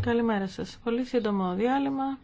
Καλημέρα σας. Πολύ σύντομο διάλειμμα.